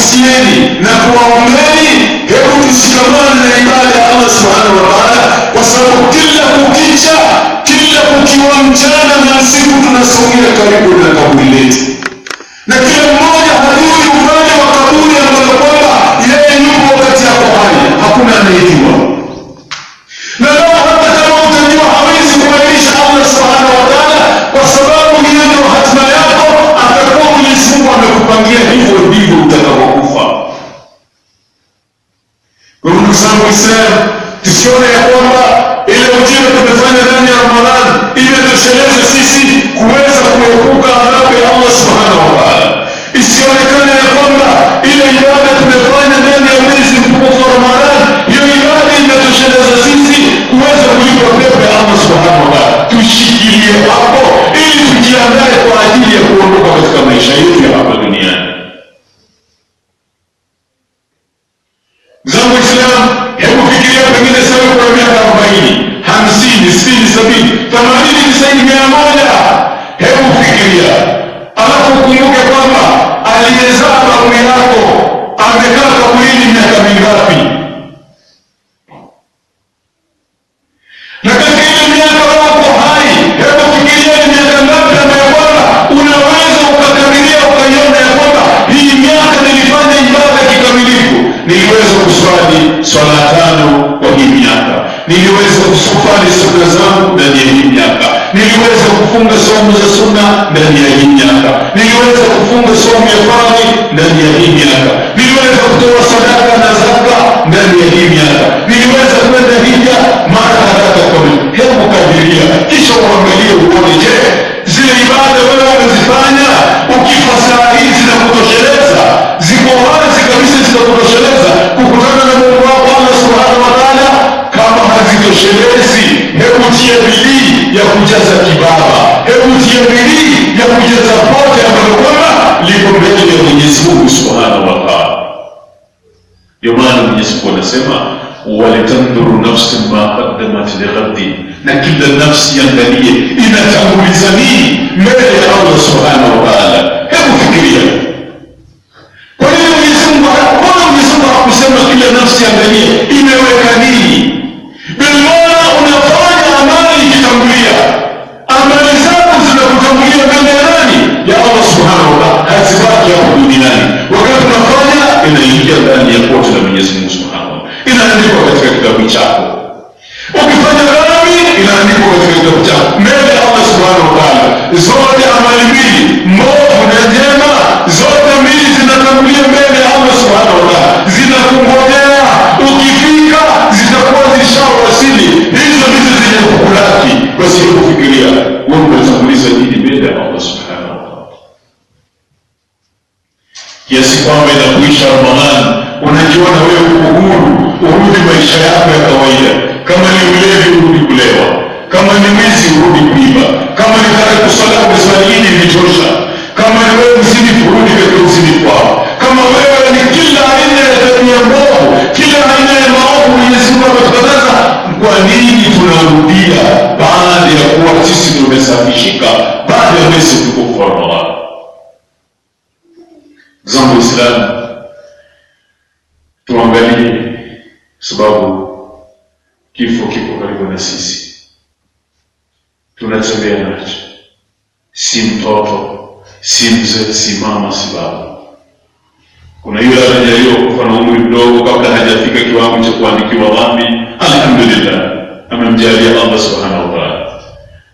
kusieni na kuwaombeni. Hebu tushikamane na ibada ya Allah subhanahu wa taala, kwa sababu kila kukicha, kila kukiwa mchana na usiku tunasogea karibu Ndugu zangu Waislamu, tusione ya kwamba ile ujira tumefanya ndani ya Ramadhani imetosheleza sisi kuweza kuepuka adhabu ya Allah subhanahu wa taala. Isionekane ya kwamba ile ibada tumefanya ndani ya mwezi mtukufu wa Ramadhani, hiyo ibada imetosheleza sisi kuweza kulipa pepo ya Allah subhanahu wa taala. Tushikilie hapo. sabini themanini tisaini mia moja hebu fikiria alafu kumbuke kwamba aliyezaa babu yako amekaa kaburini miaka mingapi ya kikamilifu niliweza kuswali swala tano kwa hii miaka niliweza kusufali suna zangu niliweza kufunga somo za sunna ndani ya hii miaka, niliweza kufunga somo ya faradhi ndani ya hii miaka, niliweza kutoa sadaka na zaka ndani ya hii miaka, niliweza kwenda hija kujaza kibaba. Hebu tia bidii ya kujaza pote ambalo kwamba liko mbele ya Mwenyezi Mungu subhanahu wa Ndio maana Mwenyezi Mungu anasema walitandhuru nafsin ma qaddamat lighadin, na kila nafsi iangalie inatanguliza nini mbele ya Allah subhanahu wa Hebu fikiria. Kwa nini Mwenyezi Mungu hakusema kila nafsi iangalie imeweka nini inaingia ndani ya koti la Mwenyezi Mungu Subhanahu wa Ta'ala. Inaandikwa katika kitabu chako. Ukifanya dhambi inaandikwa katika kitabu chako. Mbele ya Allah Subhanahu wa Ta'ala. Zote amali mbili kwamba inakuisha Ramadhani, unajiona wewe uko huru, urudi maisha yako ya kawaida. Kama ni ulevi, urudi kulewa. Kama ni wizi, urudi kuiba. Kama ni tarku swala, swali Kama ni zangu Muislamu tuangalie, sababu kifo kipo karibu na sisi, tunatembea nacho, si mtoto, si mzee, si mama, si baba. Kuna yule anajaliwa kufa na umri mdogo, kabla hajafika kiwango cha kuandikiwa dhambi. Alhamdulillah, amemjalia Allah subhanahu wa taala.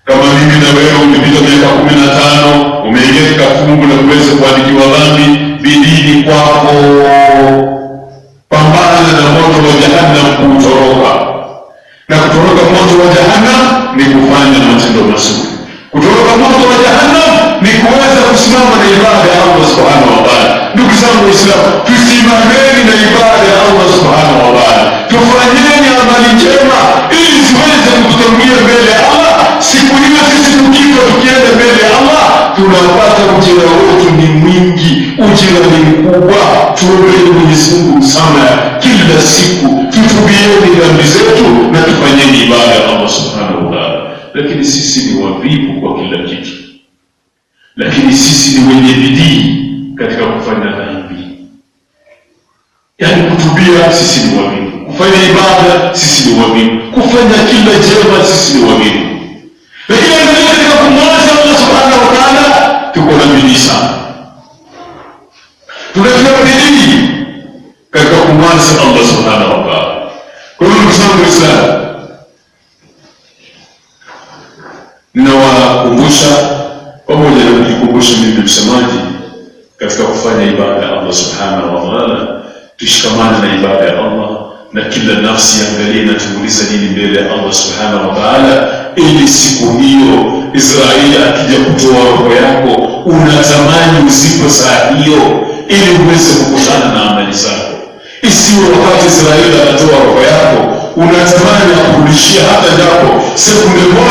Kama mimi na wewe umepita miaka kumi na tano, umeingia katika fungu la kuweza kuandikiwa dhambi kwa pambana na moto wa jahannam kutoroka Na kutoroka moto wa jahannam ni kufanya matendo mazuri. Kutoroka moto wa jahannam ni kuweza kusimama na ibada ya Allah subhanahu wa Ndugu zangu Waislamu, tusimameni na ibada ya Allah subhanahu wa tufanyeni amali njema ili Injili ni kubwa, tuombeni Mwenyezi Mungu sana kila siku, tutubieni dhambi zetu na tufanyeni ibada ya Allah subhanahu wataala Lakini sisi ni wavivu kwa kila kitu, lakini sisi ni wenye bidii katika kufanya dhambi, yaani kutubia, sisi ni wavivu kufanya ibada sisi ni wavivu, kufanya kila jema sisi ni wavivu, lakini katika kumwaza Allah subhanahu wataala taala tuko na bidii sa bidii katika kumwasi Allah subhanahu wa ta'ala. Kwa hiyo ndugu zangu ninawakumbusha pamoja na kujikumbusha mimi msemaji katika kufanya ibada ya Allah subhanahu wa ta'ala, tushikamane na ibada ya Allah na kila nafsi iangalie na nini mbele ya Allah subhanahu wa ta'ala, ili siku hiyo Israeli akija kutoa roho yako unatamani uzipo saa hiyo ili uweze kukutana na amali zako. Isiwe wakati Israeli anatoa roho yako unatamani akurudishia hata japo sekunde moja.